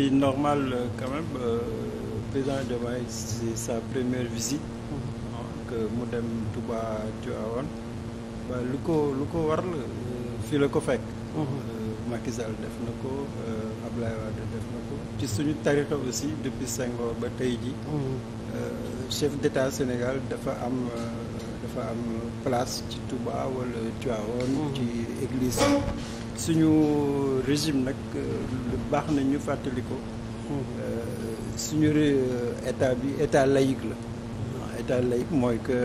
C'est normal euh, quand même euh, président Diomaye c'est sa première visite mhm. donc euh, mu dem Touba Tivaouane waaw lu ko lu ko waral fii la ko fekk mhm. Macky def na ko Abdoulaye Wade def na ko ci suñu tarixa aussi depuis Senghor ba tey ji mhm. chef d'état Sénégal dafa am dafa am place ci Touba wala Tivaouane ci église suñu régime nag euh, baax na ñu fàttali ko euh, suñu euh, état bi état laïque la ah, état laïque mooy que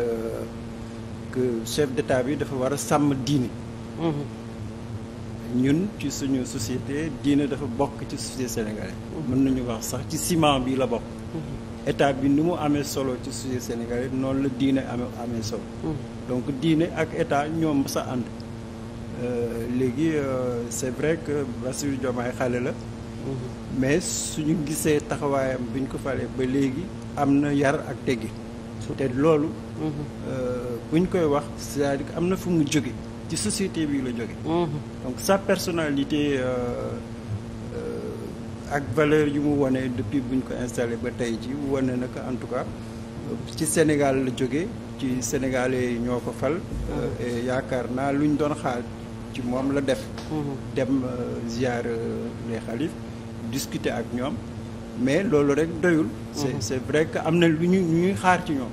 que chef d'état bi dafa war a sàmm diine mm-hmm. ñun ci suñu société diine dafa bokk ci société sénégalaise mm-hmm. mën nañu wax sax ci ciment bi la bokk mm-hmm. état bi ni mu amee solo ci société sénégalaise noonu la diine amee amee solo donc diine ak état ñoom sa ànd Euh, léegi euh, c'est vrai que Bassirou Diomaye xale la. Mhm. mais suñu gisee taxawaayam biñ ko falee ba léegi am na yar ak teggi te loolu. Mhm. Euh, buñ koy wax c'est-à-dire am na fu mu jóge ci société bi la jóge mhm. donc sa personnalité ak valeur yi mu wane depuis buñ ko installé ba tey ji wane na en tout cas ci Sénégal la jóge ci sénégalais yi ñoo ko fal. yaakaar naa luñ doon xaal ci moom la def mhm. dem euh, ziar euh, les xalif discuter ak ñoom mais loolu rek doyul c'est mhm. c'est vrai que am na lu ñu ñuy xaar ci ñoom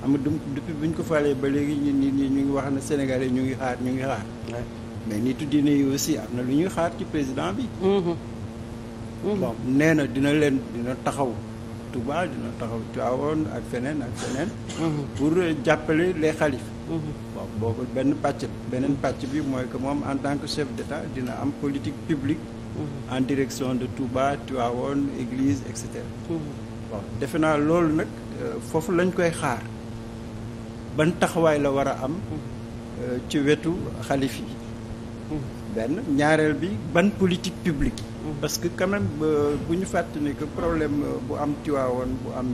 xam mhm. nga du bu ñu ko falee ba léegi ñu nit ñu ngi wax na Sénégalais ñu ngi xaar ñu ngi xaar mais nitu diine yi aussi am na lu ñuy xaar ci président bi bon nee na dina leen dina taxaw Touba dina taxaw Tivaouane ak feneen ak feneen pour jàppale les xalif bon boobu benn pàcc beneen pàcc bi mooy que moom en tant que chef d'État dina am politique publique mhm. en direction de Touba Tivaouane église et cetera bon mhm. defe naa loolu nag euh, foofu lañ koy xaar ban taxawaay la war a am mhm. euh, ci wetu xalif yi benn ñaareel bi ban politique publique parce que quand euh, bu ñu fàttali ne que problème bu am Tivaouane bu am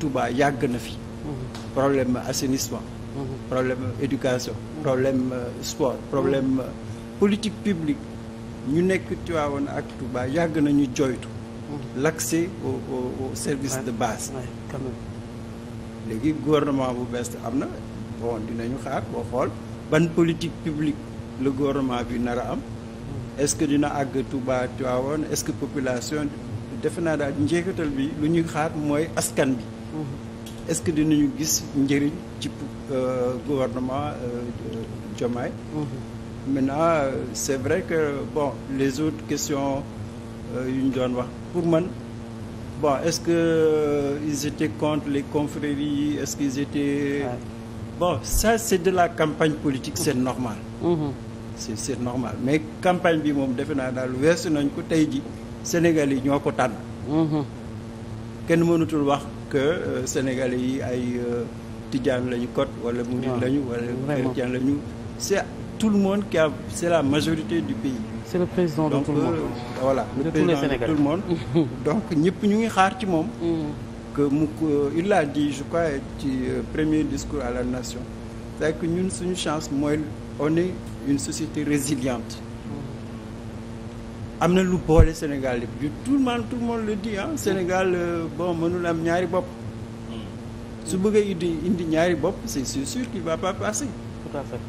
Touba yàgg na fi problème assainissement problème euh, éducation problème euh, sport problème euh, politique publique ñu nekk Tivaouane ak Touba yàgg nañu joytu l'accès au au, au service ouais, de base léegi gouvernement bu bees am na bon ñu xaar boo xool ban politique publique la gouvernement bi nar a am mm. est-ce que dina àgg Touba Tivaouane est-ce que population defe naa daal njeexital bi lu ñuy xaar mooy askan bi mm-hmm. est-ce que dinañu gis njëriñ ci euh, gouvernement euh, Diomaye mm-hmm. maintenant euh, c'est vrai que bon les autres questions yu ñu doon wax pour man bon est-ce que ils étaient contre les confréries est-ce qu'ils étaient bon ça c'est de la campagne politique seen mm-hmm. normal mm-hmm. c'est seen normal mais campagne bi moom defe naa daal weesu nañ ko tey ji Sénégal yi ñoo ko tànn kenn mënutul wax que euh, sénégalais yi ay euh, tijaan lañu kot wala murid lañu wala chrétien lañu c'est tout le monde qui a c'est la majorité du pays c'est le président donc, de tout le monde euh, voilà de le président de tout donc ñëpp ñu ngi xaar ci moom mm. mu euh, il l'a dit je crois ci premier discours à la nation c'est que ñun suñu chance mooy on est une société résiliente am na lu boole Sénégal lépp ju tout le monde tout le monde le dit ah Sénégal euh, bon mënul am ñaari bopp hmm. su bëggee indi indi ñaari bopp c'est sûr qu'il va pas passer tout à fait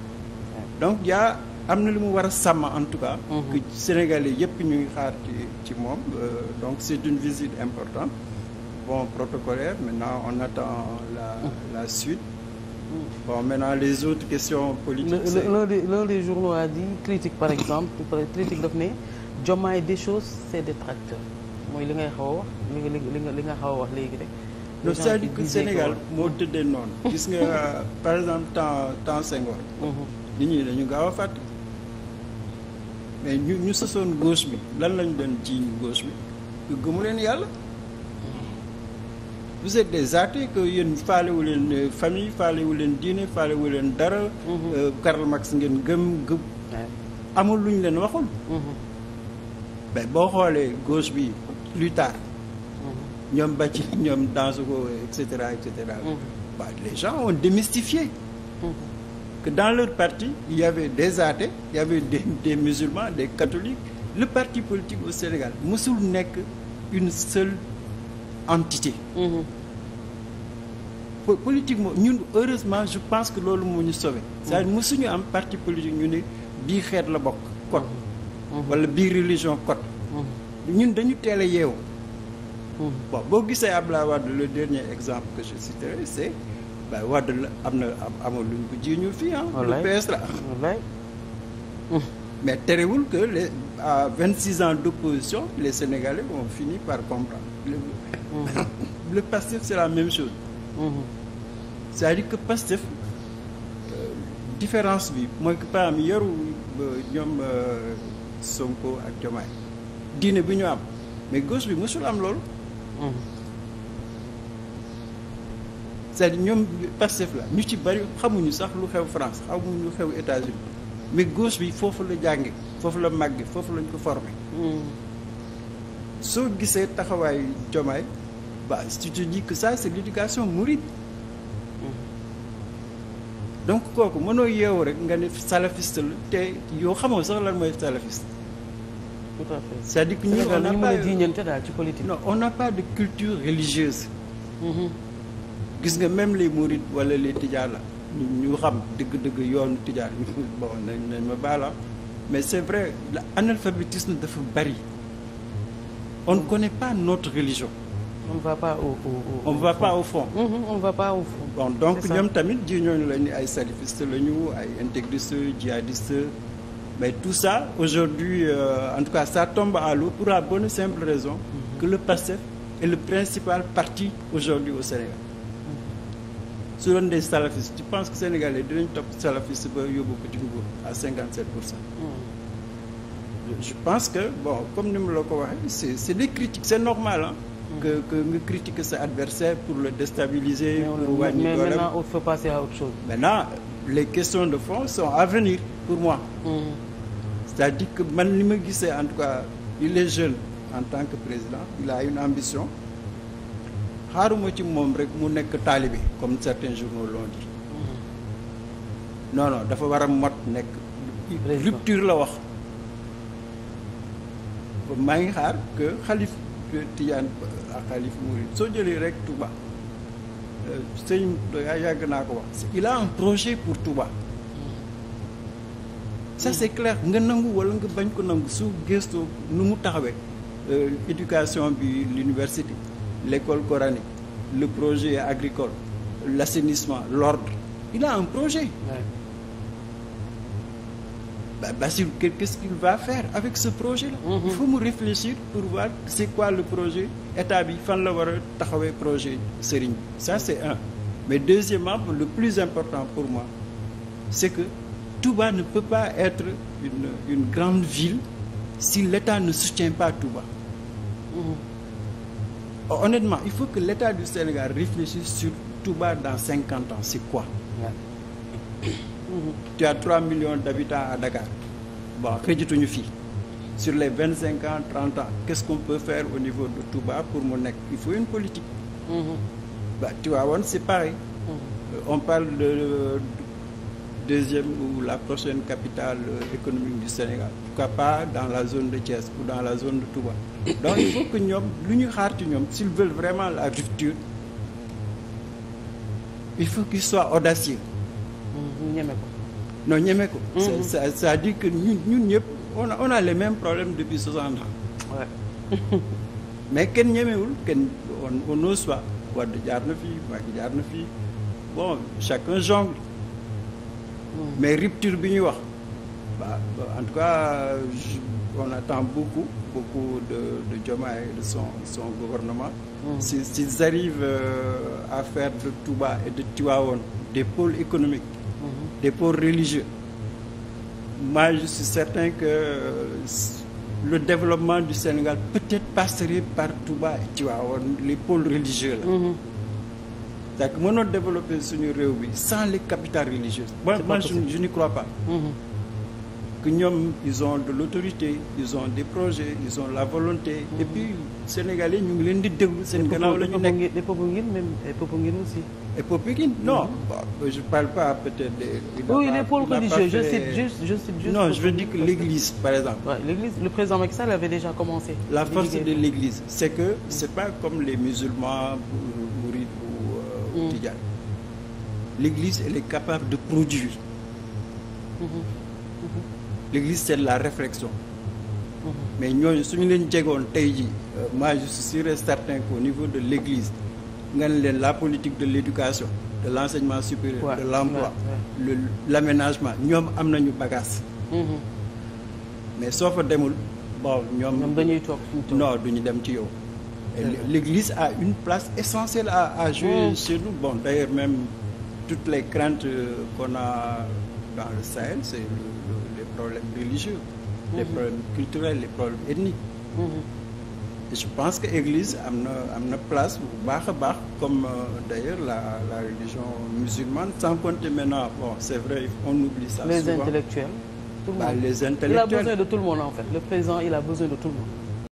donc yaa am na lu mu war a sàmm en tout cas hmm. que Sénégalais yëpp ñu ngi xaar ci ci moom euh, donc c'est une visite importante bon protocolaire maintenant on attend la hmm. la suite Bon, maintenant les autres questions politiques. L'un des, l'un des journaux a dit critique par exemple critique daf ne Diomaye des choses de détracteurs mooy li ngay xaw a wax li nga li nga li nga xaw a wax léegi rek. le cest à Sénégal moo tëddee noonu. gis nga par exemple temps temps Senghor. Mhm. nit ñi dañu gaaw a fàtte. mais ñu ñu sësoon gauche bi lan lañu doon jiiñ goos bi gëmu leen yàlla. vous êtes des athées que yéen faalewu leen euh, famille faalewu leen diine faalewu leen dara. Mhm. Euh, Karl Marx ngeen gëm gëm. amul lu ñu leen waxul. Mhm. mais boo xoolee gauche bi plus tard mhm. ñoom Bathily ñoom Dansokho et cetera et cetera waaw mhm. les gens ont mhm. dans leur parti il y avait des athées il y avait des, des musulmans des catholiques le parti politique au Sénégal musul nekk une seule entité politique moo ñun heureusement je pense que loolu moo ñu sauvé c'est-à-dire am parti politique ñu ne bii xeet la bokk wala bii religion code ñun dañu teel a yeewu bon boo gisee Abdoulaye Wade le dernier exemple que je citerai c'est Abdoulaye Wade la am na amoon luñ ko ji ñu fii ah la mais terewul que les à vingt six ans d'opposition les Sénégalais ont fini par comprendre le, mmh. c'est la même chose mmh. c'est-à-dire que Pastef euh, différence bi mooy que par am euh, ñoom euh, Sonko ak Diomaye diine bi ñu am mais gauche bi mosul am loolu. Hmm. cest à ñoom Pastef la ñu ci bari xamuñu sax lu xew France xamuñu xew États-Unis mais gauche bi foofu la jànge foofu la màgge foofu lañ ko formé. Hmm. soo gisee taxawaayu Diomaye ba tu ci dis que ça c'est l'éducation mouride. donc kooku mënoo yeewu rek nga ne salafiste la te yow xamoo sax lan mooy salafiste. tout à fait cest à ñu on n'a pas jiiñante daal ci politique. non on n'a pas de culture religieuse. Mm-hmm. gis nga même les mourides wala les tijaana ñu xam dëgg-dëgg yoonu tijaan bon nañ nañ ma baala ah. mais c'est vrai l'analphabétisme dafa bari on ne pas notre religion. on ne mm-hmm, va pas au, fond. donc ñoom tamit ji ñooñu la ay salafiste la ñu ay intégriste djihadiste mais tout ça aujourd'hui euh, en tout cas ça tombe à l'eau pour la bonne simple raison mm-hmm. que le PASTEF est le principal parti aujourd'hui au Sénégal su doon des salafistes tu penses que Sénégalais dinañ à salafiste ba yóbbu ko ci nguur pour cent mm. je pense que bon comme ni mu ko waxee c'est des critiques c'est normal que que nga critiquer sa adversaire pour le déstabiliser. pour wàññi dooleem mais maintenant les questions de fond son à venir pour moi. Mm. c'est-à-dire que man li ma gisee en tout cas il les jeune en tant que président il a une ambition xaaruma ci moom rek mu nekk taalibe comme certains journaux l'ont dit mm. non dafa war a mot nekk. rupture la wax maa ngi xaar que xalif tijaan ak xalif murid soo jëlee rek Touba sëñ yaa yàgg naa ko wax il a un projet pour Touba ça mm. c'est clair nga nangu wala nga bañ ko nangu su gëstoo nu mu taxawee euh, éducation bi l'université l'école coranique le projet agricole l'assainissement l'ordre il a un projet bah, Bassirou qu'est-ce qu'il va faire avec ce projet là mm-hmm. il faut mu réfléchir pour voir c'est quoi le projet état bi fan la war a taxawee projet Serigne ça c'est un mais deuxièmement le plus important pour moi c'est que Touba ne peut pas être une grande ville si l'État ne soutient pas Touba mmh. honnêtement il faut que l'État du Sénégal réfléchisse sur Touba dans cinquante ans c'est quoi tu as 3 millions d'habitants à Dakar bon xëjituñu fii sur les 25 ans 30 ans qu'est-ce qu'on peut faire au niveau de Touba pour mu nekk il faut une politique mhm. ba Tivaouane c'est pareil mhm. on parle de deuxième ou la prochaine capitale euh, économique du Sénégal pourquoi pas dans la zone de Thiès ou dans la zone de Touba donc il faut que ñoom lu ñu xaar ci ñoom s'ils veulent vraiment la rupture il faut qu'ils soient audacieux ñeme ko. non ñeme ko. Mm-hmm. c'est-à-dire que ñun ñun ñëpp on a on a les depuis 60 ans. mais kenn ñemewul kenn on n'ose pas Wade jaar na fii Macky na fii bon chacun jongle. Mm. mais rupture bi ñuy wax. bah en tout cas je, on attend beaucoup beaucoup de de Diomaye de son son gouvernement. Mm. s'ils s'ils arrivent euh, à faire de Touba et de Tivaouane des pôles économique des pôles religieux. ma je suis certain que euh, le développement du Sénégal peut-être passerait par Touba et Tivaouane, les pôles religieux là. Mm -hmm. cest à développer suñu réew bi sans les capitales religieuses. Moi, je, n'y crois pas. Mhm. que ñoom ils ont de l'autorité ils ont des projets ils ont la volonté. et puis sénégalais ñu ngi leen di déglu seen gannaaw la ñu nekk et Popenguine même et Popenguine aussi. et Popenguine non bon je parle pas peut-être de. oui les pôles religieux je cite juste je cite juste. non je veux dire que l'église par exemple. waaw l'église le président Macky Sall avait déjà commencé. la force de l'église c'est que c'est pas comme les musulmans mourides ou euh, mm. tidiane. l'église elle est capable de produire. Mmh. Mmh. l'église c'est la réflexion mais ñooñu suñu leen jegoon tey ji euh, moi je suis sûr et certain qu'au niveau de l'église nga ne leen la politique de l'éducation de l'enseignement supérieur ouais, de l'emploi ouais, ouais. l'aménagement ñoom am nañu bagage mm-hmm. mais soo fa demul bon ñoom dañuy toog non duñu dem ci yow l'église a une place essentielle à, à jouer chez nous bon d'ailleurs même toutes les craintes euh, qu'on a dans le Sahel, c'est le, le, les problèmes religieux, mmh. les mhm. problèmes culturels, les problèmes ethniques. Mmh. Et je pense que l'Église a une, comme euh, d'ailleurs la, la, religion musulmane, sans compter maintenant, bon, c'est vrai, on oublie ça. Les intellectuels. Tout le bah, monde. Les intellectuels. Il a besoin de tout le monde en fait. Le président, il a besoin de tout le monde.